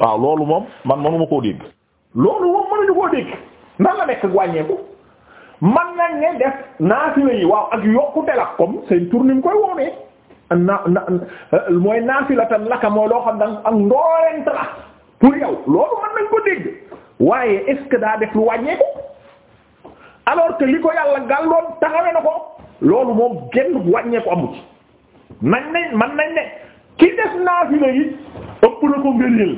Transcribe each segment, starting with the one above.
waaw loolu moom man manuma koo dégg loolu moom mënuñu koo dégg nan la nekk wàññeeku man nañ ne def naafila yi waaw ak yokkute la comme seen tour ni mu koy woonee na na mooy naafila tan laka mooy loo xam danga ak ndoolent la pour yow ko dégg waaye est daa def lu wàññeeku alors que li ko yàlla gàlloon taxawe na ko loolu moom genn wàññeeku amu man nañ man nañ ne ki def naafila yi ëpp na ko ngëneel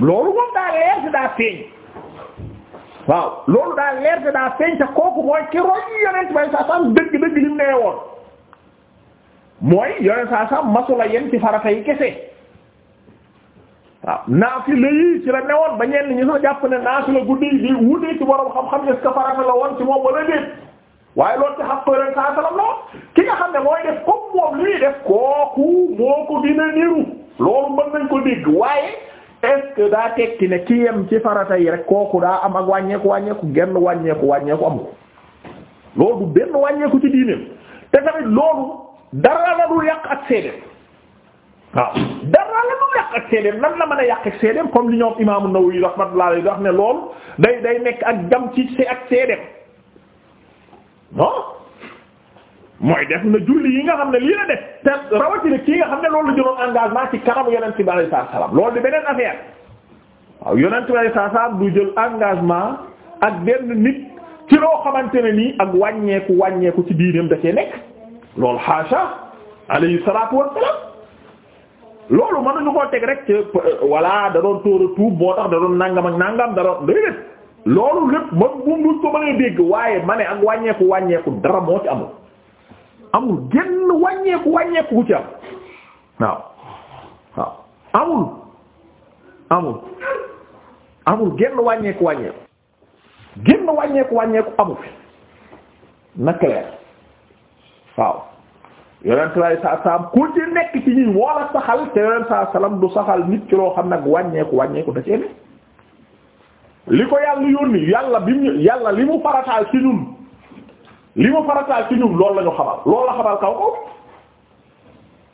loolu moom daa leer te daa feeñ waaw loolu daa leer te daa feeñ te kooku mooy ki roy yonent bay saa sam dëgg-dëgg li nee woon mooy yonent saa masula yem ci farata yi kese waaw naafila yi ci la newoon ba ñenn ñu sax jàpp ne naafila guddi yi di wutee ci borom xam-xam est-ce que farata la woon ci moom wala déet waaye loolu ci xam ko yonent saa sallam ki nga xam ne mooy def comme moom li def kooku moo ko dina niru loolu mën nañ ko dégg est-ce daa tekki ne ki yem ci farata yi rek kooku daa am ak wàññeeku wàññeeku genn wàññeeku wàññeeku amu loolu du benn wàññeeku ci diineem te tamit loolu dara la dul yàq ak seedeem waaw dara la dul yàq ak seedeem nan la mën a yàq ak seedeem comme li ñoom imaamu Nawawi rahmatullah alayhi wax ne loolu day day nekk ak jam ci ak seedeem non mooy def na julli yi nga xam ne lii la def te rawatina kii nga xam ne loolu la jëloon engagement ci kanamu yonent bi alayhi salaam loolu di beneen affaire waaw yonent bi alayhi salaam du jël engagement ak benn nit ci loo xamante ne nii ak wàññeeku wàññeeku ci diineem da cee nekk loolu xaasa alayhi salaatu wassalaam loolu mënuñu koo teg rek voilà da doon tóora tuub tax da doon nangam ak nàngam da doon day loolu lépp man bu ko mënee dégg waaye ma ne ak wàññeeku wàññeeku dara moo ci amul. amul genn wàññeeku wàññeeku ku ci am waaw waaw amul amul amul genn wàññeeku wàññeeku genn wàññeeku wàññeeku amul fi naka leer waaw yonent lay saa saam ku ci nekk ci ñi woola saxal te yonent saa salam du saxal nit ci xam nag wàññeeku wàññeeku da cee ne li ko yàlla yónni yàlla bi yàlla li mu farataal ci ñun li mu farataal ci ñun lool la ñu xamal loolu la xamal kaw kaw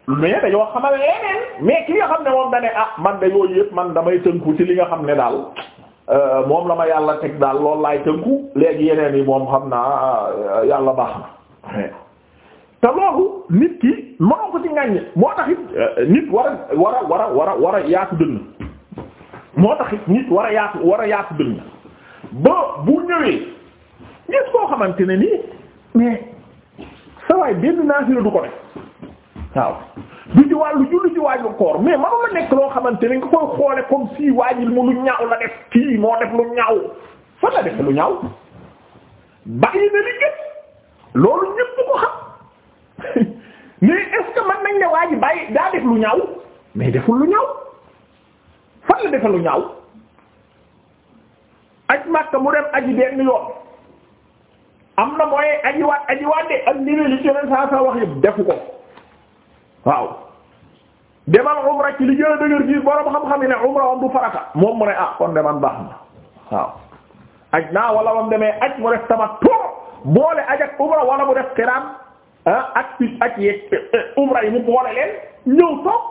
mais dañoo xamal leneen mais ki nga xam ne moom da ne ah man de yooyu man damay tënku ci li nga xam ne daal euh, moom la ma yàlla teg daal loolu laay tënku léegi yeneen yi moom xam naa euh, yàlla baax na te loolu nit ki mënoo ko ci ŋàññi moo tax it euh, nit war war a war a war a war a yaatu dënn moo tax nit war a yaatu war a yaatu dënn ba bu ñëwee nit koo xamante ne nii mais sawaay benn naafila du ko def waaw du ci wàllu julli ci waaju koor mais manu la nekk loo xamante ne nga koy xoole comme si waajil mu lu ñaaw la def kii moo def lu ñaaw fan la def lu ñaaw bàyyi na li gën loolu def lu ñaaw lu ñaaw fan la defe lu ñaaw aj Makka mu dem aji benn yoon am na mooy ajiwaat ajiwaat de ak niwee li ci yeneen saa saa wax yëpp defu ko waaw demal umra ci li dëgër ci borom xam-xam yi ne umra wam du farata moom mu ne ah kon deman baax na waaw aj naa wala wam demee aj mu def tamattu boole aj ak umra wala mu def xiraan ah, ak pis aj yeeg umra yi mu boole leen ñëw toog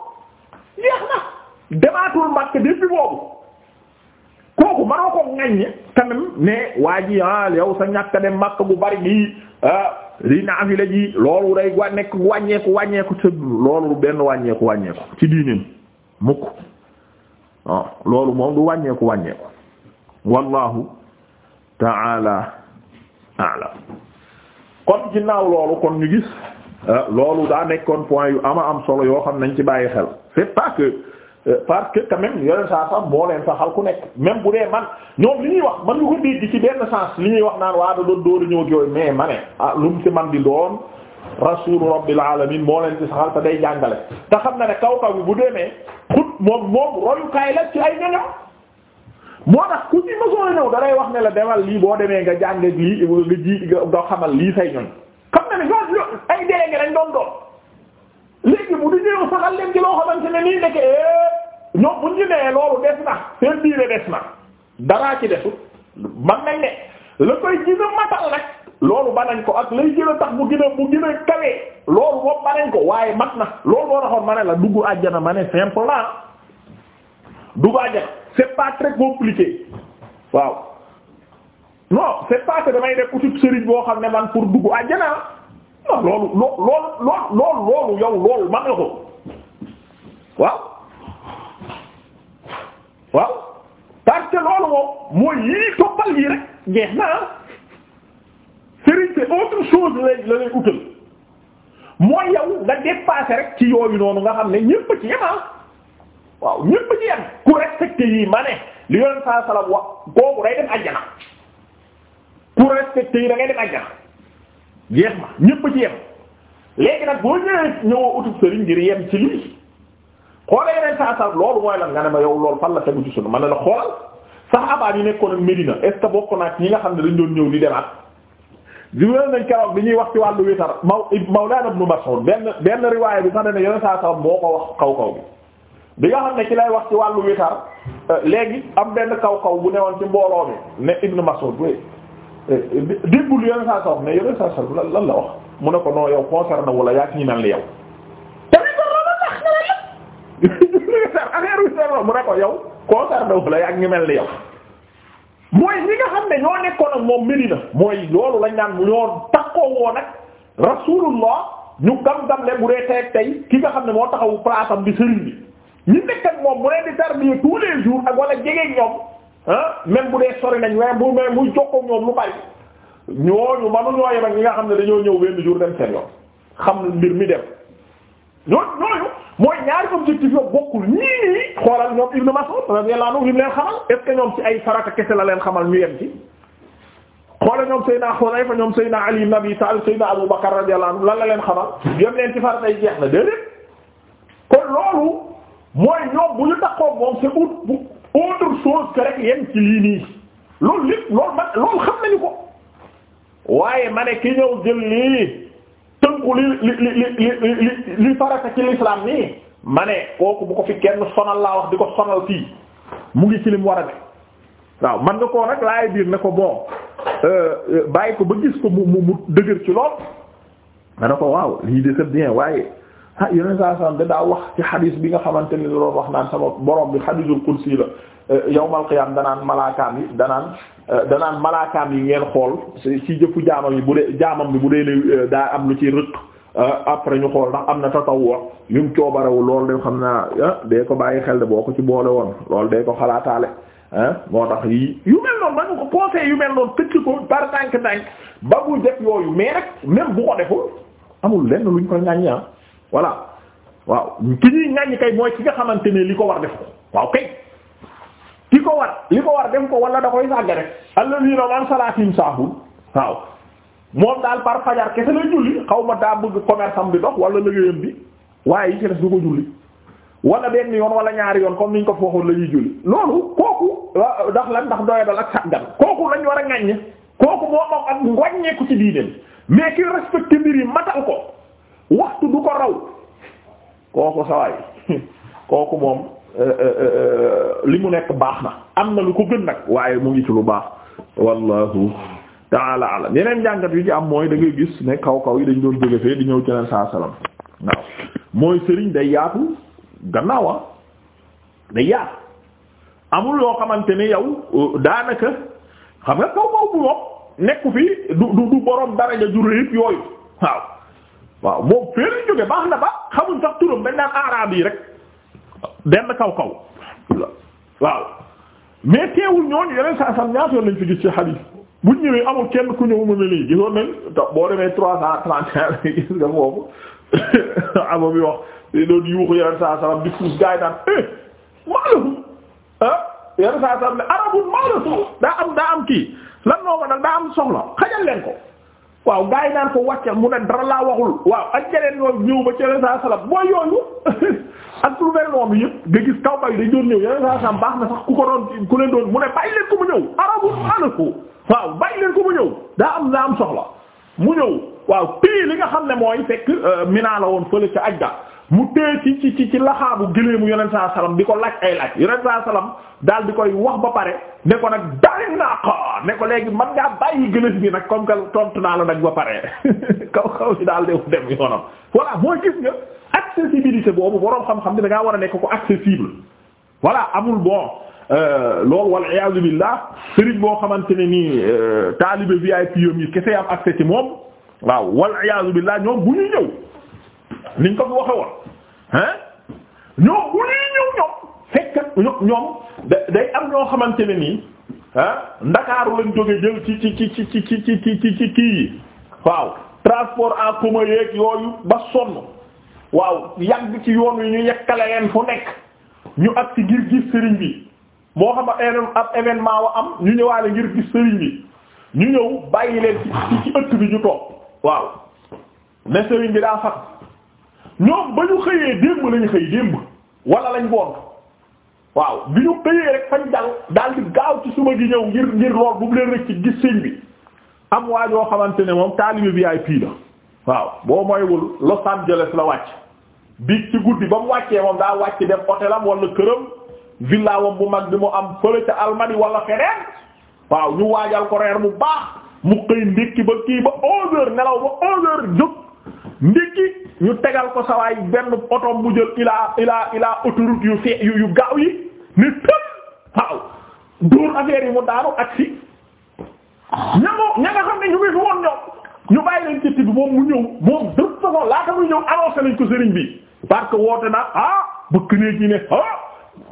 yeex na demaatul Makka depuis boobu kooku manoo ko ŋaññe quand ne waa ji ah sa ñàkk dem màkk bu bari bii lii ah, li naa fi la ji loolu day wa nekk wàññeeku wàññeeku te loolu benn wàññeeku wàññeeku ci diinin mukk waaw ah, loolu moom du wàññeeku wàññeeku wallahu ta'ala a'lam kon ginnaaw loolu kon ñu gis ah, loolu daa nekkoon point yu ama am solo yoo xam nañ ci bàyyi xel c'est pas que Euh, parce que quand même yoneen saa sax moo leen saxal ku nekk même bu dee man ñoom li ñuy wax man ñu ko dégg ci benn sens li ñuy wax naan waa da doon dóoru ñëw ak yooyu mais ma ne ah lu mu ci man di doon rasulu rabbil alamin moo leen ci saxal te day jàngale te xam na ne kaw kaw bi bu demee xut moom moom royukaay la ci ay ñoñom moo tax ku ci mësoo ñëw da lay wax ne la demal lii boo demee nga jànge lii nga ji nga xamal lii say ñoñ xam na ne ñoom ay délégué léegi bu di ñëw saxal leen ci loo xamante ne nii ndeke eh, ñoom bu ñu nee loolu des na seen diine des na daraa ci desu man nañ ne la koy gën a matal nag loolu nañ ko ak lay gën tax bu gën a bu gën kawee loolu moom banañ ko waaye mat na loolu moo taxoon ma ne la dugg àjjana ma ne simple la dugg àjjana c'est pas très compliqué waaw non c'est pas que damay def outil sëriñ boo xam ne man pour dugg àjjana non loolu loo loolu loolu loolu yow loolu man nga ko waaw waaw parce que loolu moom mooy yii ah. la lay utal mooy yow nga dépasser rek ci yooyu noonu nga xam ne ñépp ci yem ah waaw ñépp ci yem ku respecté yii ma ne li yoleen saa salam wax kooku day dem àjjana ku respecté yi da ngay dem àjjana jeex na ñépp ci yem léegi nag boo ñëwee ñëwoo utub sëriñ ngir yem ci lii xoolee yeneen saa saa loolu mooy lan nga ne ma yow loolu fan la tegu ci sunu man ne la xoolal saxaaba yi nekkoon ak Medina est bokk naa ñi nga xam ne dañ doon ñëw di demaat. di wéyal nañ keroog bi ñuy wax ci wàllu witar Maw Mawlana Ibn Mas'ud benn benn riwaay bi sax ne yeneen saa saa moo ko wax kaw kaw bi. bi nga xam ne ci lay wax ci wàllu witar euh, léegi am benn kaw kaw bu newoon ci mbooloo mi ne Ibn déggul yoneen saa salam mais yoneen saa salam lan lan la wax mu ne ko non yow concerné wala yaa ñi mel ni yow tamit ko loolu tax na la affaire bi seen mu ne ko yow concerné wala yaa ñi mel ni yow mooy ñi nga xam ne ñoo nekkoon ak moom Medina mooy loolu lañ naan ñoo takkoo woon ak Rasulullah ñu gam-gam le bu dee tey tey ki nga xam ne moo taxawu place am bi sëriñ bi ñu nekk ak moom mu leen di tarbiya tous les jours ak wala jege ñoom Ah même bu dee sori nañ waaye bu mais muy ñoom lu bari ñooñu manu ñoo yem ak ñi nga xam ne dañoo ñëw benn jour dem seen yoon xam mbir mi dem ñooñu ñooñu mooy ñaari objectif yoo bokkul ñii nii xoolal ñoom Ibn Mas'ud radiyallahu anhu lim leen xamal est ñoom ci ay farata kese la leen xamal ñu yem ci xoolal ñoom Seydina Xudayfa ñoom Seydina Ali ibn Abi Talib Abu Bakar radiyallahu anhu lan la leen xamal yem leen ci farata jeex na déedéet kon loolu mooy ñoom bu ñu taxoo autre chose que rek yem ci lii nii loolu lépp loolu man loolu xam nañu ko waaye ma ne ki ñëw jël lii tënku li li li li li li farata ci l'islam nii ma kooku bu ko fi kenn sonal laa wax di ko sonal fii mu ngi ci lim war waaw man nga koo rek laay biir ne ko bon euh, euh, bàyyi ko ba gis ko mu mu mu dëgër ci lool nga ne ko waaw lii de c'est bien waaye ah yeneen saa salaam da daa wax ci xadis bi nga xamante ni loolu wax naan sama borom bi xadisul qudsi la eh, yawmal qiyaam danaan malaakaam yi danaan eh, danaan malaakaam yi ngeen xool ci jëfu jaamam yi bu dee jaamam bi bu dee ne eh, daa am lu ci rëq après ñu xool ndax am na tatawwa yu mu coobarewu loolu de xam naa day ko bàyyi xel de boo ko ci boole woon loolu day ko xalaataale moo tax yi yu mel noonu ba nga ko conseil yu mel noonu tëcc ko par tànk tànk amul lenn luñ ko ñaññaa voilà waaw ki ñuy ŋàññ kay mooy ki nga xamante ne li ko war def ko waaw kay ki ko war li ko war def ko wala da koy sàgga rek alladina man salaatim saahun waaw moom daal par fajar kese la julli xaw ma daa bëgg commerce am bi dox wala liggéeyam bi waaye yi ci des du ko julli wala benn yoon wala ñaari yoon comme niñ ko fooxoon lañuy ñuy julli loolu kooku ndax lan ndax doyadal ak sàggan kooku lañ war a ŋàññ kooku moom ak ngoññeeku ci diineem mais ki respecté mbir ko waxtu du ko raw kooku sawaay kooku moom euh, euh, euh, li mu nekk baax na am na lu ko gën nag waaye mu ngi ci lu baax wallahu taala alam yeneen jàngat yu ci am mooy da ngay gis ne kaw kaw yi dañ doon jóge fee di ñëw ci leen saa salaam waaw mooy sëriñ day yaatu gannaawa ah, day yaatu amul loo xamante ni yow daanaka xam nga kaw kaw bu moom nekku fi du du borom daraja ju réy yooyu waaw waaw moom fee la baax na ba xamuñ sax turam dañ daan araab yi rek benn kaw kaw waaw mais teewul ñooñu yeneen saa sam ñaata yoon lañ fi gis ci hadith bu ñëwee amul kenn ku ñëw mu ne lii gisoon nañ boo demee trois cent trente et un gis nga foofu amo bi wax doon yuuxu yeneen saa salam di puus gaay naan eh ah daa am daa am kii lan noo ma dal daa am soxla xajal leen ko waaw gars yi naan ko wàccal mu ne dara laa waxul waaw ak jeneen ñoom ñëw ba ci yeneen saa salaam boo yooyu ak lu mel noonu yëpp nga gis kaw bay dañ doon ñëw yeneen saa salaam baax na sax ku ko doon ku leen doon mu ne bàyyi leen ko mu ñëw arabu anako waaw bàyyi leen ko mu ñëw daa am daa am soxla mu ñëw waaw pii li nga xam ne mooy fekk euh, minaa la woon fële ca ajda mu téye ci ci ci ci laxaabu gëléemu yonent saa salaam di ko laaj ay laaj yonent saa salaam daal di koy wax ba pare ne ko nag daal naa ko ne ko léegi man ngaa bàyyi gëléem bi nag comme que tontu naa la nag ba pare kaw kaw si daal di dem yoonam. voilà mooy gis nga accessibilité boobu boroom xam-xam ne da war a nekk ko accessible voilà amul bon euh, loolu wal iyaazu billah sëriñ boo xamante ne nii euh, taalibe VIP yi kese am accès ci moom waaw wal iyaazu billah ñoom bu ñu ñëw niñ ko waxee woon. ah ñoom bu ñuy ñëw ñoom fekk ñoom day am ñoo xamante ne nii ah ndakaaru lañ jóge jël ci ci ci ci ci ci ci ci kii yi waaw transport en commun yeeg yooyu ba sonn waaw yàgg ci yoon wi ñu yekkale leen fu nekk ñu ak ci ngir gis sëriñ bi moo xam ab événement wa am ñu ñëwaale ngir gis sëriñ bi ñu ñëw bàyyi leen ci ci bi ñu toog waaw ne bi daa fat ñoom ba ñu xëyee démb lañu xëy démb wala lañ boon waaw bi ñu xëyee rek fañ dal daal gaaw ci suba gi ñëw ngir ngir lool bu mu leen rek gis sëñ bi am waa joo xamante ne moom taalibe VIP la waaw boo moywul Los Angeles la wàcc biig ci guddi ba mu wàccee moom daa wàcc dem hôtelam wala këram villa wam bu mag bi mu am fële ca Almadi wala waaw ñu waajal ko reer mu baax mu xëy ndékki ba kii ba 11h nelaw ba 11h jóg ñu tegal ko sawaay benn oto mu jël ilaa ilaa ilaa autoroute yu fee yu gaaw yi ni tëb waaw dóor affaire yi mu daaru ak si ñamoo nga xam ne ñu ngi woon ñoom ñu bàyyi leen ci tibb moom mu ñëw moom de toute façon laata muy ñëw annoncé nañ ko sëriñ bi parce que woote na ah bëkk nee ne ah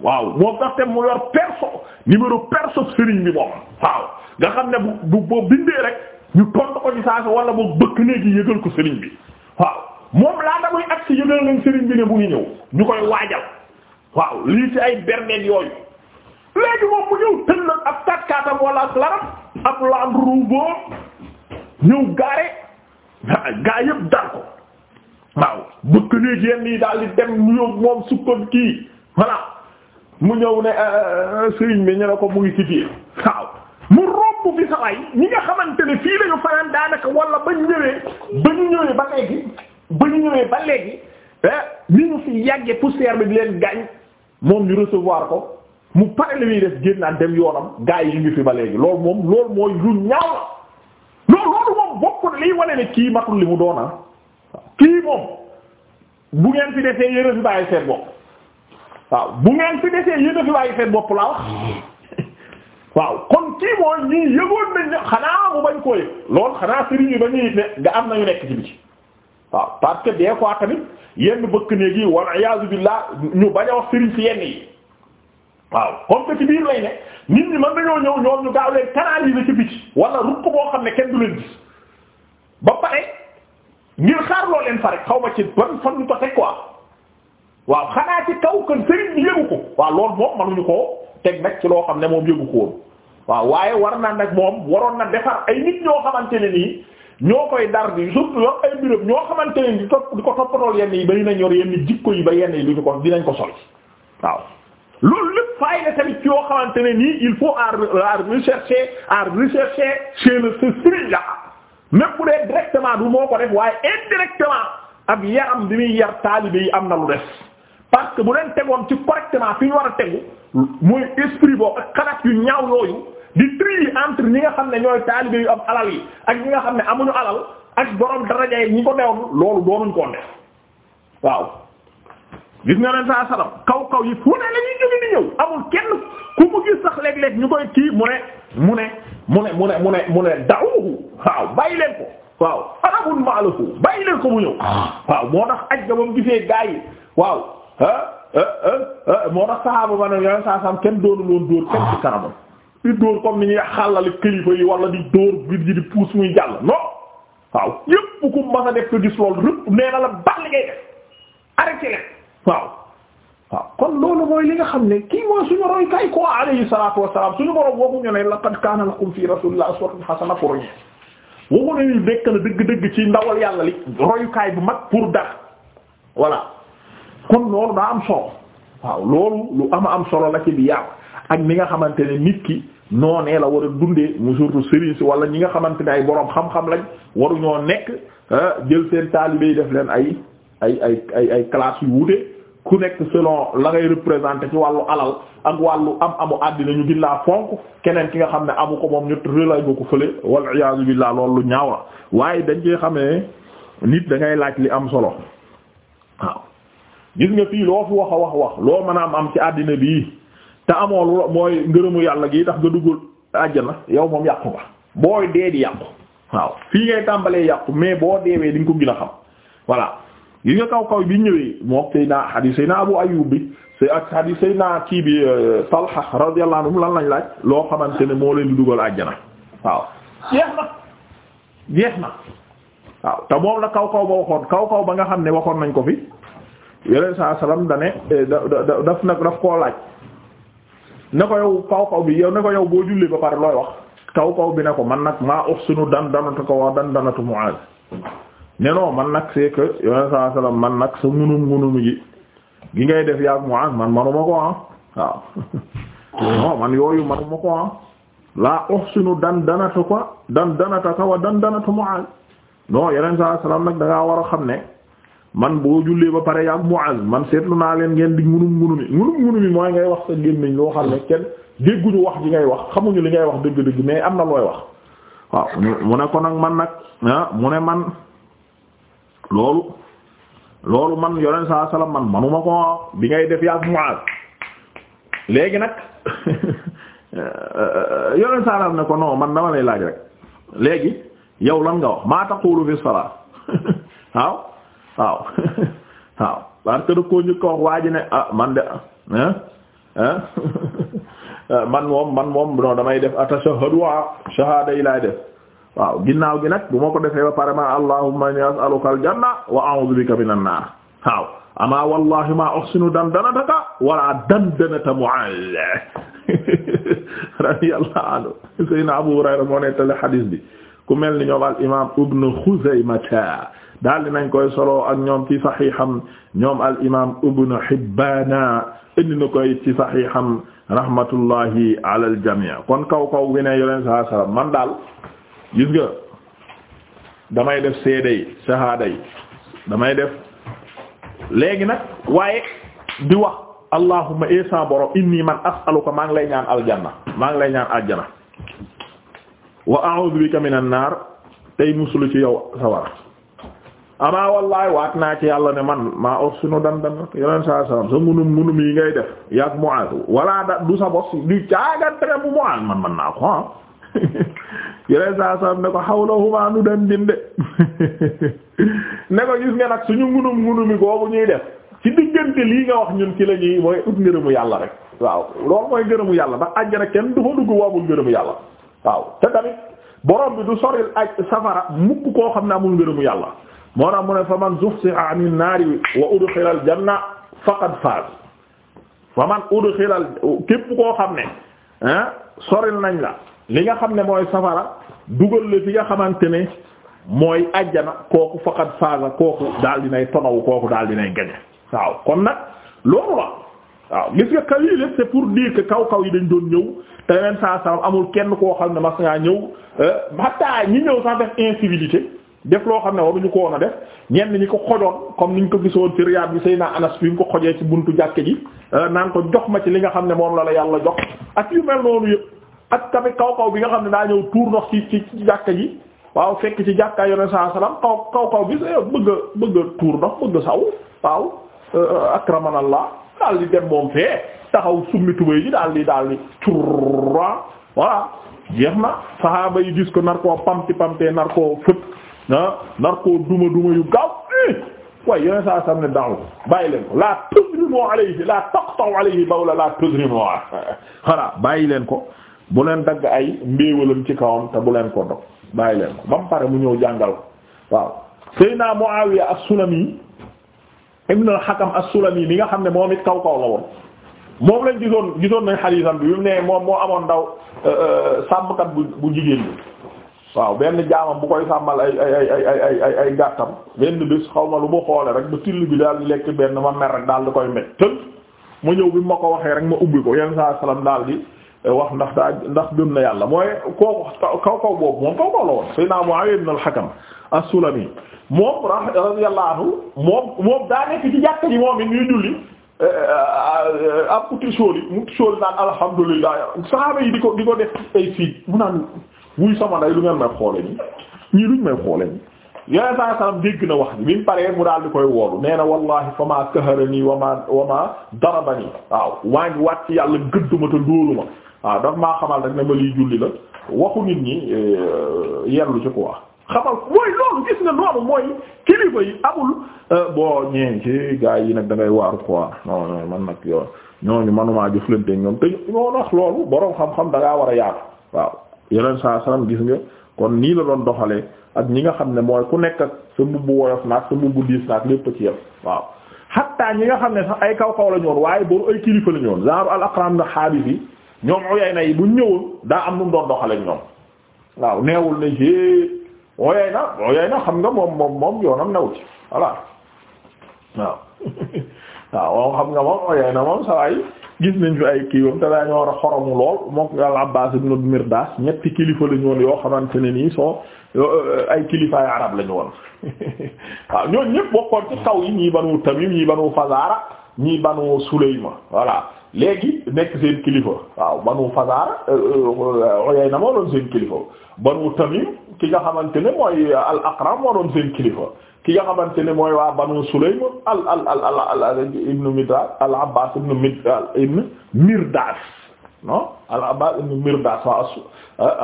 waaw moom dax tem mu yor perso numéro perso sëriñ bi moom waaw nga xam ne bu bu bindee rek ñu tontu ko ci saa si wala boo bëkk nee yëgal ko sëriñ bi waaw moom laata muy agsi yëgal leen sëriñ bi ne mu ngi ñëw ñu koy waajal waaw lii ci ay bernet yooyu léegi moom mu ñëw tëll ak katkaatam wala ak laram ab lam rouboo ñëw gaare gaa yëpp dar ko waaw bëkk néeg yenn yi daal di dem ñëw moom sukkoon kii voilà mu ñëw ne euh, euh, sëriñ bi ñu ne ko mu ngi ci biir waaw mu romb fi saway ñi nga xamante ne fii lañu fanaan daanaka wala ba ñu ñëwee ba ñu ñëwee ba léegi ba ñu ñëwee ba léegi eh, ni ñu fi yàggee poussière bi di leen gaañ moom ñu recevoir ko mu pare li muy def génnaat dem yoonam gaa yi ngi fi ba léegi loolu moom loolu mooy lu ñaaw la loolu loolu moom bokk liy wane ne kii matul li mu doona ah. kii moom bu ngeen fi defee yéen a fi bàyyi seen bopp bu ngeen fi defee yéen a fi bàyyi seen laa wax waaw kon kii mooy ñii yëgoon nañ xanaa mu bañ koo yëg xanaa sëriñ yi ba ñuy ne nga am na ñu nekk ci bi waaw parce que des fois tamit yenn bëkk néeg yi walla iyaazu billah ñu bañ a wax sëriñ ci yenn yi waaw comme que ci biir lay ne nit ñi mën nañoo ñëw ñoom ñu gaaw leen canaliser ci biti wala ruq boo xam ne kenn du leen gis ba pare ngir xaar loo leen fa rek xaw ma ci ban fan ñu ko teg quoi waaw xanaa ci kaw kan sëriñ bi yëgu ko waaw loolu moom mënuñu koo teg nag ci loo xam ne moom yëgu ko woon waaw waaye war na nag moom waroon na defar ay nit ñoo xamante nii ñoo koy dar bi surtout yor ay mbiram ñoo xamante ne di topp di ko toppatool yenn yi ba ñu ne ñor yenn jikko yi ba yenn yi duñu ko dinañ ko sol waaw loolu lépp faay na tamit yoo xamante ne nii il faut à à rechercher à rechercher chez le sëriñ la même bu dee directement du moo ko def waaye indirectement ab yaram bi muy yar taalibe yi am na lu def parce que bu leen tegoon ci correctement fi ñu war a tegu muy esprit boobu ak xalaat yu ñaaw yooyu. di trier entre ñi nga xam ne ñooy taalibe yu am alal yi ak ñi nga xam ne amuñu alal ak borom daraja yi ñi ko newoon loolu doonuñ ko def waaw gis nga leen saa salam kaw kaw yi fu ne la ñuy jóge ñëw amul kenn ku mu gis sax léeg-léeg ñu koy kii mu ne mu ne mu ne mu ne mu ne mu ne dawuhu waaw bàyyi leen ko waaw arabun maaluhu bàyyi leen ko mu ñëw waaw moo tax aj ga bam gisee gaa yi waaw ah ah ah, ah moo tax saxaaba ma ne yoneen saa salam kenn doonu loon dóor kenn di dóor comme ni ñuy xàllali kilifa yi wala di dóor biir ji di puus muy jàll non waaw yépp ku mas a def ko gis loolu rëpp nee na la bal ngay def arrêté leen waaw waaw kon loolu mooy li nga xam ne kii mooy suñu roy ko alayhi salaatu wassalaam suñu borom waxuñu ne laqad kaana lakum fi na dëgg-dëgg ci ndawal yàlla li royukaay bu mag pour dara voilà kon loolu daa am solo waaw loolu lu ama am solo la ci bi yàlla ak ni nga xamante ne nit ki noonee la war a dundee mu surtout sëriñ si wala ñi nga xamante ne ay boroom xam-xam lañ waruñoo nekk ah, jël seen taalibe def leen ay ay ay ay ay yu wuute ku nekk selon la ngay représenter ci wàllu alal ak wàllu am amu àddina ñu gën laa fonk keneen ki nga xam ne amu ko moom ñu relay ko fële wal iyaazu billaah loolu lu ñaaw la waaye dañ cee xam ne nit da ngay laaj li am solo waaw gis nga fii loo fi wax a wax wax loo mën a am am ci àddina bii. te amoo mooy ngërëmu yàlla gii tax nga duggul àjjana yow moom yàqu nga booy dee yàqu waaw fii ngay tàmbalee yàqu mais boo deewee di ko gën a xam voilà yi nga kaw kaw bi ñëwee moo sëy naa xadiis sëy naa Abu Ayyub bi sëy ak xadiis sëy naa kii bi euh, Talha radiyallahu anhu lan lañ laaj loo xamante ne moo leen di dugal àjjana waaw jeex na jeex na waaw te moom la kaw kaw ba waxoon kaw kaw ba nga xam ne waxoon nañ ko fi yeneen saa salaam da daf daf koo ne ko yow kaw kaw bi yow ne ko yow boo julli ba pare looy wax kaw kaw bi ne ko man nag maa uhsinu dan danatu ko waa dan danatu Muaz ne non man nag c'est que yoneen saa sallam man nag sa ngunum ngunum gi gi ngay def yaag Muaz man manuma ko ah waaw eh, man yooyu manuma ko ah laa uhsinu dan danatu ko dan danata ko waa dan danatu Muaz non yoneen saa sallam nag dangaa war a xam ne man boo jullee ba pare yaag Muaz man seetlu naa leen ngeen di ngunum ngunumi ngunum ngunumi mooy ngay wax sa gémmiñ loo xam ne kenn dégguñu wax ji ngay wax xamuñu li ngay wax dëgg-dëgg mais am na looy wax waaw mu ne ko nag man nag mu ne man loolu loolu man yoneen sa salaam man manuma ko bi ngay def yaag Muaz léegi nag yoneen saa salaam ne ko non man dama lay laaj rek léegi yow lan nga wax maa taqulu fi salaat waaw waaw waaw parce que da koo njëkk waa ji ne ah, man de ah ah man moom man moom non damay def atashahhadu wa shahada yi def waaw ginnaaw gi nag bu ma ko defee ba pare ma allahumma inni as'aluka aljanna wa a'udhu bika minan nar waaw ama wallahi ma uhsinu dandanataka wala dandanata Mu'adh radiyallahu anhu sayna Abu Hurayra moo nettali hadis bi ku mel ni ñoom al imam Ibn Khuzaymah daal di nañ koy solo ak ñoom ci saxiixam ñoom al imaam Ibn Hibbaan indi na koy ci saxiixam rahmatullahi ala al jamii kon kaw kaw wi ne yoneen saa salaam man daal gis nga damay def seede yi damay def léegi nag waaye di wax allahumma esa eh borom inni man as'aluka maa ngi lay ñaan aljanna maa ngi lay ñaan aljana wa a'udhu bika minan naar tey musulu ci yow sawara amaa wallahi waat naa ci yàlla ne man maa or sunu dandam yeneen saa salaam sa munum munum ngay def yàgg Muaaz walla da du sa bos du caagantere bu Muaaz man man naa ko ah yeneen saa salaam ne ko hawlahuma nu dandin de ne ko gis nga nag suñu munum munumi googu ñuy def ci diggante lii nga wax ñun ci la ñuy mooy ut ngërëmu yàlla rek waaw loolu mooy ngërëmu yàlla ndax àjjana kenn du fa dugg woomul ngërëmu yàlla waaw te tamit borom bi du soril aj safara mukk koo yàlla moo tax mu ne fa man zuhziha anin naari wa udxila al janna faqad faaz fa man udxila képp koo xam ne ah soril nañ la li nga xam ne mooy safara dugal la fi nga xamante ne mooy ajjana kooku faqad faza kooku daal dinay tonaw kooku daal dinay gañe waaw kon nag loolu la waaw gis nga kaw yi lépp c'est pour dire que kaw kaw yi dañ doon ñëw te yeneen saa salaam amul kenn koo xam ne mas ngaa ñëw hatta euh, ñi ñëw sax def incivilité def loo xam ne waruñu ko woon a def ñenn ñi ko xojoon comme ni ñu ko gisoon ci Riyad bi Seyna Anas bi mu ko xojee ci buntu jàkke ji euh, naan ko jox ma ci li nga xam ne moom la la yàlla jox ak yu mel noonu yëpp ak tamit kaw kaw bi nga xam ne daa ñëw tuur ndox ci ci jàkke ji waaw fekk ci jàkkaa yoneen saa salaam kaw kaw kaw bi eh, bëgg bëgg tuur ndox bëgg a saw waaw euh, akramanallah daal di dem moom fee taxaw summi tubéy ji daal di daal di curra voilà jeex na sahaaba yi gis ko nar koo pamti pamtee nar koo ah duma duma yu gaaw eh waaye yeneen saa sam ne bàyyi leen ko la tuzrimu alayhi la taqta'u alayhi bawla la tuzrimu voilà ah bàyyi leen ko bu leen dagg ay mbéewalam ci kawam te bu leen ko dog bàyyi leen ko ba mu pare mu ñëw jàngal ko waaw Seydina Muawiya as-Sulami ibn al-Hakam as nga xam ne moom it kaw kaw nañ xadiisam bi bi mu ne moom moo amoon ndaw euh, euh, sàmmkat bu bu jigéen bi waaw benn jaamam bu koy sàmmal ay ay ay ay ay gàttam benn bés xaw ma lu mu xoole rek ba till bi daal di lekk benn ma mer rek daal di koy mét tël mu ñëw bi ma ko waxee rek ma ubbi ko yenn saa salaam daal di eh, wax ndax daa ndax gëm na yàlla mooy koo kaw kaw boobu moom kaw kaw la woon Seydina Muawiya ibn al-Hakam as-Sulami moom radiyallahu anhu moom moom daa nekk ci jàkk ji moom it ñuy julli eh, eh, ah, ab uti sóoli mu uti sóoli naan saxaaba yi di ko di ko wuy sama nday lu ngeen may xoole nii ñii luñ may xoole nii yoneen saa sallam dégg na wax ji bi mu mu daal di koy woolu nee na wallahi fa maa kahara nii wama wama daraba nii waaw waa ngi wàcc yàlla gëdduma te dóolu ma waaw daf maa xamal rek ne ma liy julli la waxu nit ñi euh, yellu ci quoi xamal mooy loolu gis nga noonu mooy kilifa yi amul euh, boo ñeen ci gaa yi nag da waaru quoi man nag yo ñooñu manumaa jëflante ñoom te ñoo wax loolu boroom xam war a yaatu yeneen saa salaam gis nga kon nii la doon doxalee ak ñi nga xam ne mooy ku nekk ak sa mbubb woyof naag sa mbubb diis naag lépp ci yem waaw xattaa ñi nga xam ne sax ay kaw kaw la ñu woon waaye booru ay kilifa la ñu woon genre al aqram na xaabis yi ñoom oyay na yi bu ñëwoon daa am nu mu doon doxale ñoom waaw neewul ne jé oyay na oyay na xam nga moom moom moom yoonam new ci voilà waaw waaw moom xam nga moom oyay na moom sawaay gis nañ fi ay kii te daañu war a xoromu lool mook al Abbaas ibn Mirdaas ñetti kilifa lañu woon yoo xamante ne nii soo euh, ay kilifaay arab lañu woon waaw ñooñu ñëpp bokkoon ci kaw yi ñii banu Tamim ñii banu Fazaara ñii banu Sulayma voilà léegi nekk seen kilifa waaw banu Fazaara euh, euh, Uyayna moo doon seen kilifa banu Tamim ki nga xamante ne mooy al Aqram moo doon seen kilifa. ki nga xamante ne mooy waa banu Sulaym al al al al ibnu Midas al Abbas ibnu Midas ibnu Mirdas non al Abbas ibnu Mirdas waa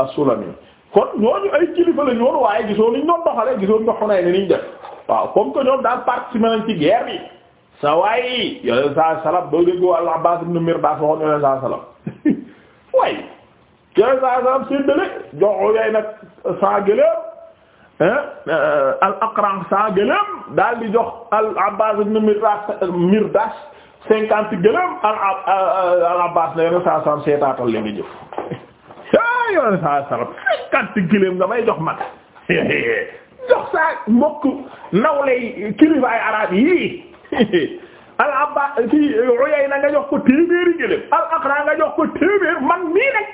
as-Sulami kon ñooñu ay kilifa la ñoonu waaye gisoo niñ doon doxale gisoo nga xunay ni niñ def waaw comme que ñoom daal participé nañ ci guerre bi sa waay yoleen sa salam boo déggoo al Abbas ibnu Mirdas waxoon yoleen sa salam waay yoleen sa salam séddale jox yay nag sa gëléem Euh, al aqran cent gëléem daal di jox al abbas ibn mirdas mirdas cinquante al al na yoona saa salam seetaatal li nga jëf a yoona saa salam cinquante gëléem nga may jox man jox saa mbokk nawlay kilifaay arab yi al abbas ci uyay na nga jox ko téeméeri gëléem al aqran nga jox ko téeméer man mii nag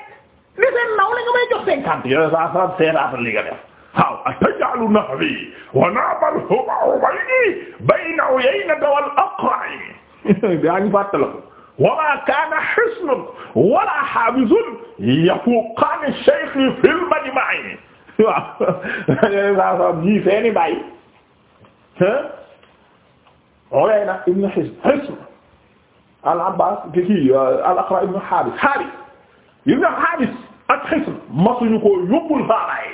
seen nawle nga may jox cinquante yoona saa salam seetaatal li nga waaw atajalu nahwi wa nabal hubayni bayna uyaynata wal aqra'i yaa ngi fàttala ko wama kaana hisnun wala haafizun yafuqaani shaykhi fil majma'i waaw saa saa ji seeni baay Uyayna ibn Hisn Hisn al-Abbaas kii al-Aqra' ibn Haabis Haabis ibn Haabis ak Hisn masuñu ko yóbbul saa baay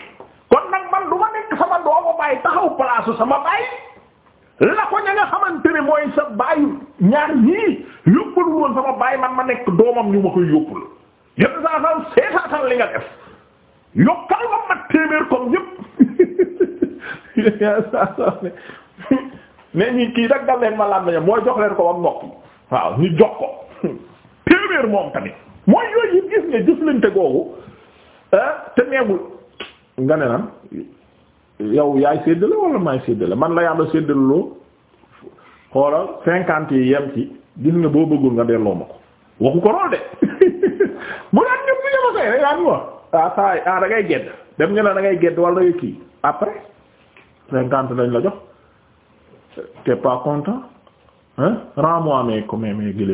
waaye taxaw place sama baay la ko ña nga xamante ne mooy sa baayu ñaar ñii yóbbalu woon sama baay man ma nekk doomam ñu ma koy yóbbul yépp saa saa seetaatal ma saa saa ne ne ñi kii daggal leen ma làmbañam mooy jox leen ko ba noppi waaw ñu jox ko téeméer moom tamit mooy yooyu yëpp gis nga jëflante googu ah, te neewul nga ne nan yow yaay séddale wala maay séddale man la yàlla séddaleloo xoolal cinquante yi yem ci gis nga boo bëggul nga delloo ma ko waxu ko lool de mu a say rek daan ñu wax ah, ah ne da ngay lañ la jox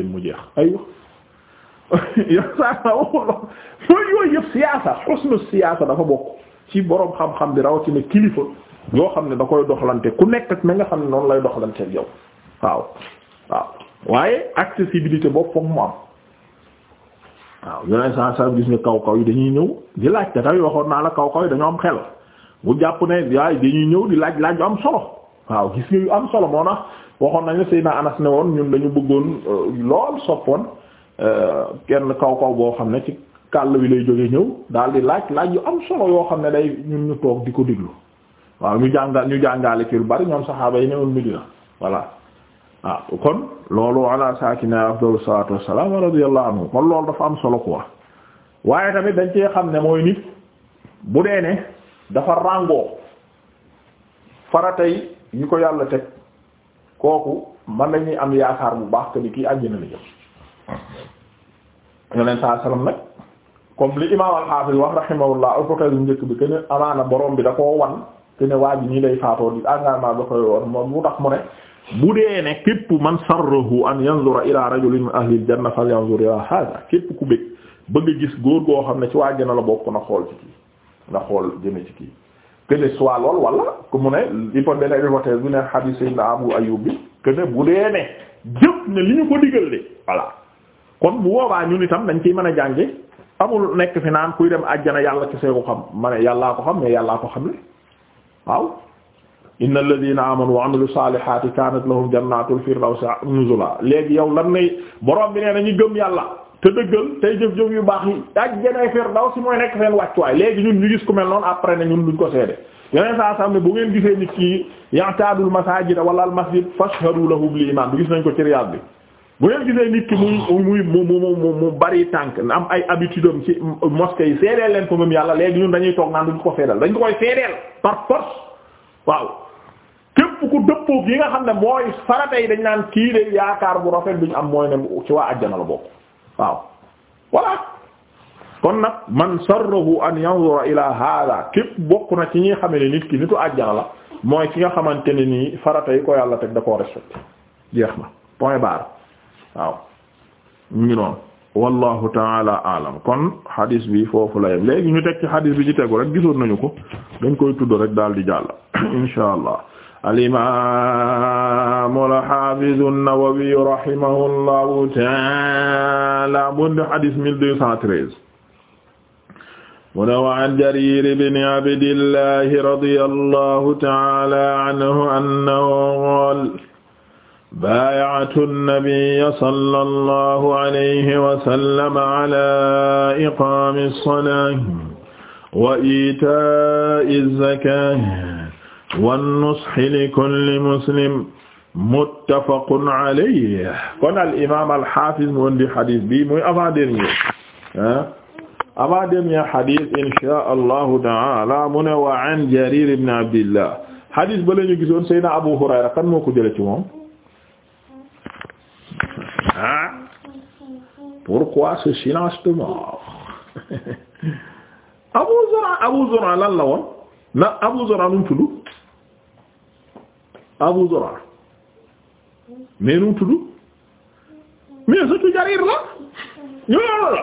mu jeex yëpp siyaasa xusnu siyaasa dafa bokk. ci boroom xam-xam bi rawatina kilifa yoo xam ne da koy doxalante ku nekk ak na nga xam ne noonu lay doxalanteeg yow waaw waaw waaye accessibilité boobu foog mu am waaw yeneen saa saa gis nga kaw kaw yi dañuy ñëw di laaj te waxoon naa la kaw dañoo am xel bu jàpp ne waaye dañuy ñëw di laaj laaj yu am solo waaw gis nga yu am solo moo tax waxoon nañu Seydina Anas ne woon ñun dañu bëggoon euh, lool soppoon euh, kenn kaw kaw boo xam ne ci kàll wi lay jóge ñëw daal di laaj laaj yu am solo yoo xam ne day ñun ñu toog di ko diglu waaw ñu jàngal ñu jàngale ci lu bari ñoom saxaaba yi newul Medina voilà waaw ah, kon loolu ala saakina afdalu salaatu wassalaam loolu dafa am solo quoi waaye tamit dañ cee xam ne mooy nit bu dee ne dafa ràngoo ko yàlla teg kooku man nañuy am yaakaar bu baax que ni kii àjjana la jëm. ñu leen saa salaam nag. comme li imaam al-Hafiz wax rahimahullah hypothèse bu njëkk bi que ne amaana borom bi da ko wan que ne waa ji nii day faatoo di engagement da koy woon moom mu tax mu ne. bu dee ne képp man sarrahu an yanzura ila rajulin min ahli al-janna falyanzur ila hadha képp ku bëgg bëgg gis góor goo xam ne ci waa la bokk na xool ci kii na xool jëme ci kii. que soit lool wala ku mu ne il faut benn hypothèse bu ne hadith sayyidina Abu Ayyub bi que bu dee ne jëf ne li ñu ko digal de voilà kon bu boobaa ñun itam dañ ciy mën a jànge amul nekk fi naan kuy dem àjjana yàlla kese ko xam ma ne yàllaa ko xam ne yàllaa ko xam ne waaw inna alladhina amanu wa amilu salihati kanat lahum jannatul firdawsi nuzula léegi yow lan nay borom bi nee na ñu gëm yàlla te dëggal tey jëf-jëf yu baax yi àjjana firdawsi mooy nekk seen wàccuwaay léegi ñun ñu gis ku mel noonu après ne ñun duñ ko seede yeneen saa sax ne bu ngeen gisee nit ki ya'tadul masajida wala al masjid fashhadu lahu bil iman bu gis nañ ko ci Riyad bi bu ngeen gisee nit ki muy muy mu mu bari tànk am ay habitude am ci mosquée yi seedeel leen ko moom yàlla léegi ñun dañuy toog naan duñ ko seedeel dañ ko koy seedeel par force waaw képp ku dëppoog yi nga xam ne mooy farata yi dañ naan kii de yaakaar bu rafet bi ñu am mooy ne ci waa àjjana la bokk waaw voilà kon nag man sarrahu an yanzura ila hada képp bokk na ci ñi nga xam ne nit ki nitu àjjana la mooy ki nga xamante ne nii farata yi ko yàlla teg da koo respecté jeex na point waaw mu ngi noonu taala alam kon hadis bi foofu la yem léegi ñu teg ci bi tegu rek gisoon nañu ko dañ koy tudd rek daal di jàll insha allah al imam al nawawi rahimahullahu taala bund hadis mille deux cent treize mu ne wa an Jarir ibn Abdillah radiyallahu taala anhu annahu qala بايعت النبي صلى الله عليه وسلم على إقام الصلاة وإيتاء الزكاة والنصح لكل مسلم متفق عليه kon al imaam al haafiz mu indi xadis bi muy avant-dernier avant-dernier ah, xadis inchaa allahu taala mu ne wa an Jarir ibn Abdillah xadis ba la ñu gisoon Seydina Abu Hurayra kan moo ko jëlee ci moom ah Abu Zur'a la woon Abu Zur'a nu mu tudd Abu Zur'a mais nu mu tudd mais surtout Jarir la ñu loolu la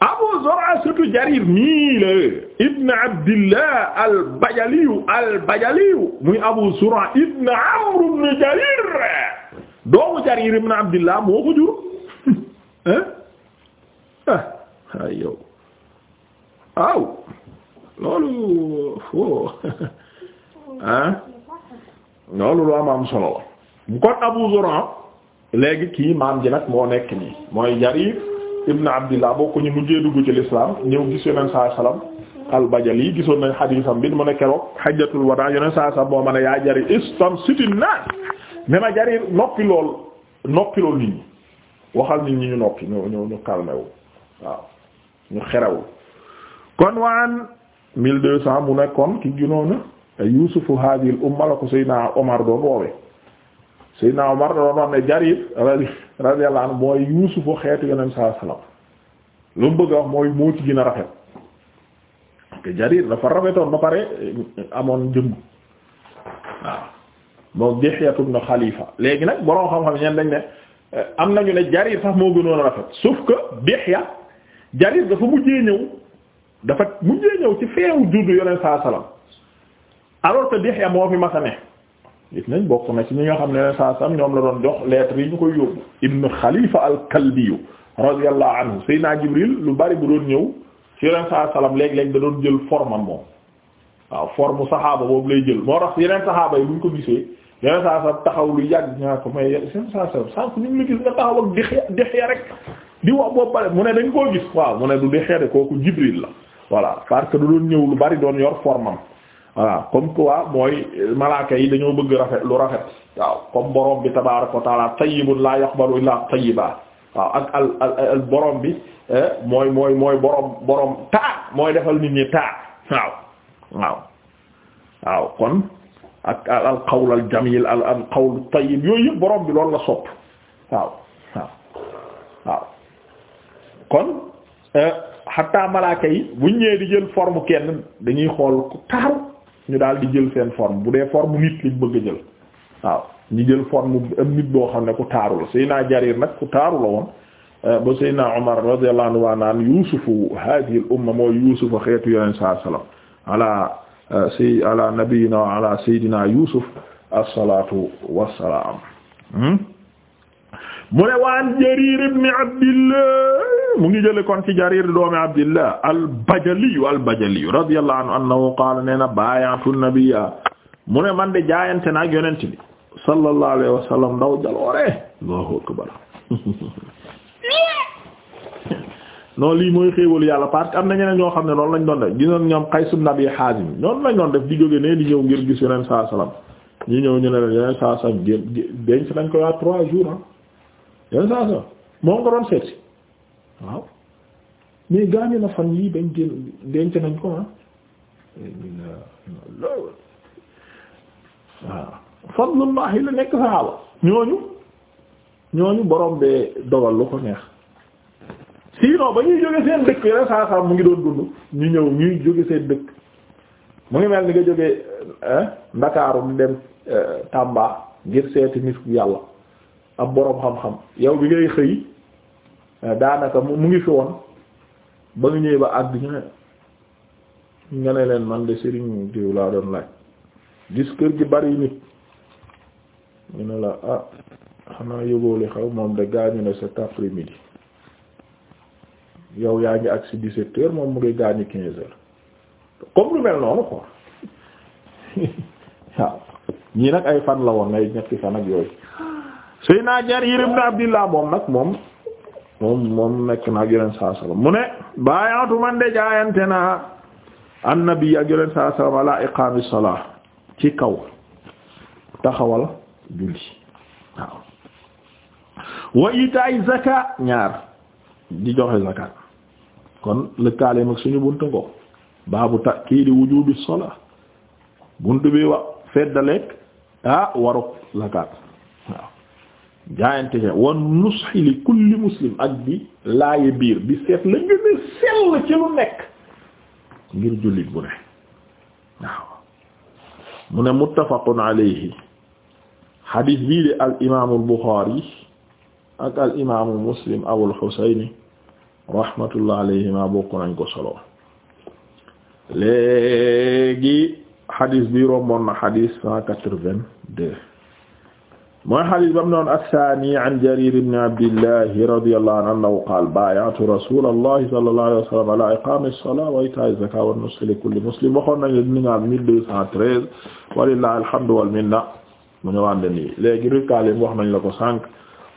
Abu Jarir nii la Ibn Abdillah al-Bajaliyu muy Abu Zur'a Ibn Amr ibn Jarir doomu Jarir ibn Abdillah moo ko jur hein ah loolu loolu am am solo la kon Abu Zur'a léegi kii maam ji nag moo nekk nii mooy Jarir ibn Abdillah boo ko ñu mujjee dugg ci l'islam ñëw gis yoneen saa salaam al-Bajali gisoon nañ xadiisam bi mu ne keroog xajjatul wadaa yoneen saa salaam moo ma ne yaa Jarir istamsiti naas ne ma jarir noppi lool noppi lool nit ñi waxal nit ñi ñu noppi ñu ñu ñu waaw ñu xerawul kon waan mille deux cent mu nekkoon ki ginoona te yusufu hadil umma la ko Seydina Omar doon woowee Seydina Omar doon wax ne jarir radiyallahu mooy yusufu xeetu yonent saa salaam lu mu bëgg a wax mooy moo ci gën a rafet te jarir dafa rafetoon ba pare amoon jëmm moom Dihyatu ibn Khalifa léegi nag borom xam-xam ñeen dañ ne eh, am nañu ne Jarir sax moo gënoon a rafet sauf que Dihya dafa mujjee ñëw dafa mujjee ñëw ci feewu juddu yoneen saa salaam alors que Dihya moo fi mas a nañ bokk na ci ñi nga xam ne yoneen saa salaam ñoom la doon jox lettre yi ñu koy yóbbu ibn Khalifa al-Kalbiyu radiyallahu anhu Seydina Jibril lu bari bu doon ñëw ci yoneen saa salaam léeg-léeg da doon jël formam moom waaw forme saxaaba boobu lay jël moo tax yeneen saxaaba yi bu ñu ko gisee yeneen saa taxaw lu yàgg ñaa ko may seen saa sa sànq ñu ngi gis nga taxaw ak Dihya Dihya rek di wax boobu pare mu ne dañ koo gis waaw mu ne du Dihya de kooku Jibril la voilà parce que du doon ñëw lu bari doon yor formam voilà comme quoi mooy malaaka yi dañoo bëgg rafet lu rafet waaw comme borom bi tabaaraka wa taala tayyibun la yaqbalu illa tayyiba waaw ak al al bi eh, mooy mooy mooy borom mooy defal nit ñi taa waaw waaw kon ak al qawl al jamil al al qawl tayyib yooyu yëpp borom bi loolu la sopp waaw waaw waaw kon xatta euh, malaaka yi buñ ñëwee di jël forme kenn dañuy xool ku taaru ñu daal di jël seen forme bu dee forme nit liñ bëgg a jël waaw ñu jël forme am nit boo xam ne ku taaru la Seydina Jarir nag ku taaru la woon euh, ba Seydina Umar radiyallahu anhu naan yuusufu hadhihi al umma mooy yuusufa xeetu yoneen saa sallam ala eh, say ala nabiyina wa ala sayyidina Yusuf as-salaatu wassalaam hmm? mu ne waan Jarir ibn Abdillah mu ngi jële kon ci Jarir doomi Abdillah al-Bajali al-Bajali radiyallahu anhu annahu qaala nee na baayatu nabiyya mu ne man de jaayante na ak yonent bi sallallahu alayhi wa sallam ndaw jaloore Allahu akbar non lii mooy xéewalu yàlla parce que am na ñeneen ñoo xam ne noonu lañ doon def gisoon ñoom Qays ibn Abi Hazim noonu lañ doon def di jóge ne di ñëw ngir gis yeneen saa salaam ñu ñëw ñu ne leen yeneen saa salaam gén denc nañ ko yaa trois jours ah yeneen saa salaam moom nga doon seetsi waaw mais na fan yii bañ génn denc nañ ko ah waaw fadlullahi la nekk saxaaba ñooñu ñooñu borom bee dogal lu ko neex sinon ba ñuy jóge seen dëkk yeneen saa saa mu ngi doon dund ñu ñëw ñuy jóge seen dëkk mu ngi mel ni nga jógee eh, ndakaaru mu dem eh, Tamba ngir seeti nit yàlla ab boroom xam-xam yow bi ngay xëy eh, daanaka mu ngi fi woon ba nga ñëwee ba àgg ñu ne nga leen man de Serigne diw laa doon laaj gis kër gi bari nit ñu ne la ah xanaa yëgoo li xaw moom de gaañu ne cet après-midi yow yaa ngi ak si dix-sept moom mu ngi gaañu quinze heures comme lu noonu quoi waaw ñii nag ay fan la woon ay ñetti fan ak yooyu Seydina Jarir ibn Abdillah moom nag moom moom moom nekk na ak yeneen saa mu ne bàyatu man de jaayante naa annabi ak yeneen saa salaam ala iqaami salaa ci kaw taxawal julli waaw wa itaay zakat ñaar di joxe zakat kon lëkkaale mag suñu buntu ngo baabu ta'kiidi wujuubi salaa buntu bi wax feddaleek ah waru zakaat waaw jaayante ke wan nusxi li kulli muslim ak bi laaye biir bi seet la gën a sell ci lu nekk ngir jullit bu ne waaw mu ne muttafaqun alayhi xadiis bii de al imaamu al buxaari ak al imaamu muslim abul xuseyni rahmatullah alayhima bokk nañ ko solo léegi xadis bi romboon na xadis cent quatre-vingt-deux mooy xadis bam noon athani an jarir ibn abdillah radiyallahu anhu annahu qaala baaya'tu rasulallahi sallallahu alayhi wa sallam ala iqami as-salati wa ita'i az-zakati wa an-nusuk li kulli muslim waxoon nañ ni nga mille deux cent treize walillahi alhamdu wal minna mu ñëwaan leen léegi rikaalim wax nañ la ko sànq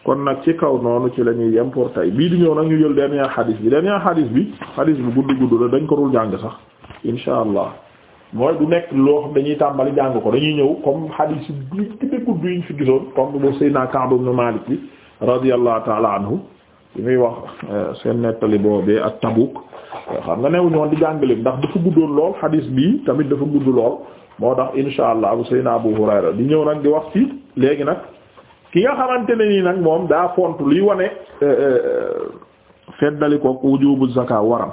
kon nag ci kaw noonu ci la ñuy yem tey bii di ñëw nag ñu jël dernier xadis bi dernier xadis bi xadis bu guddi gudd la dañ ko dul jàng sax insha allah mooy du nekk loo xam dañuy tàmbali jàng ko dañuy ñëw comme a gudd yi ñu fi gisoon comme bu Seydina bi radiyallahu ta'ala anhu li muy wax euh, seen nettali boobee ak Tabuk xam nga newu ñoon di jàngale ndax dafa guddoon lool xadis bii tamit dafa gudd lool moo tax insha allah bu Seydina Abu Hurayra di ñëw nag di wax ci léegi nag ki nga xamante ne nii nag moom daa font luy wane euh, euh, euh, feddali ko wujubu zakat waram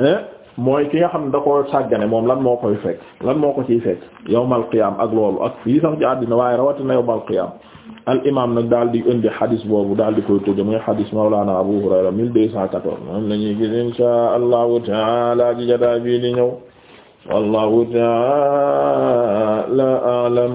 eh, mooy ki nga xam ne da sàggane moom lan moo koy fekk lan moo ko ciy fekk yawmal qiyaam ak loolu ak fii sax ci àddina waaye rawatina yawmal qiyaam al imaam nag daal di indi xadis boobu daal di koy tëj muy xadis mawlaana Abu Hurayra 1214 moom la ñuy gis inshaa Allahu taala ci jataa bii di ñëw wallahu taala a'lam